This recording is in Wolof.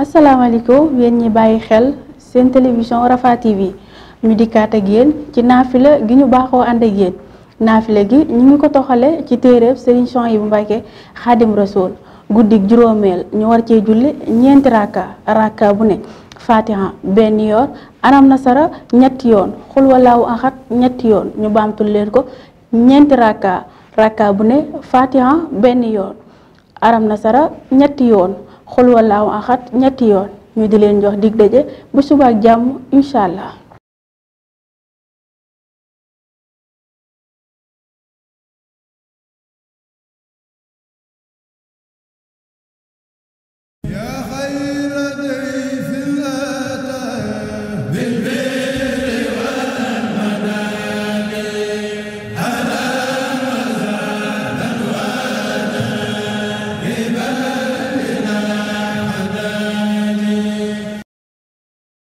asalaamaaleykum yéen ñi bàyyi xel seen télévision Rafah TV ñu dikkaat ak yéen ci naafila gi ñu baaxoo ànd ak yéen naafila gi ñu ngi ko toxale ci téere téeréeb Serigne Souhaïbou Mbacké Xaadim Rasoul guddik juróomeel ñu war cee julli ñeenti rakka rakka bu ne fatiha benn yoon anam nasara ñett yoon xul walaawu axat ñetti yoon ñu baamtul leen ko ñeenti bu ne benn yoon anam nasara ñetti yoon xul a axad ñetti yoon ñu di leen jox dig daje bu subaak jàmm incha allah.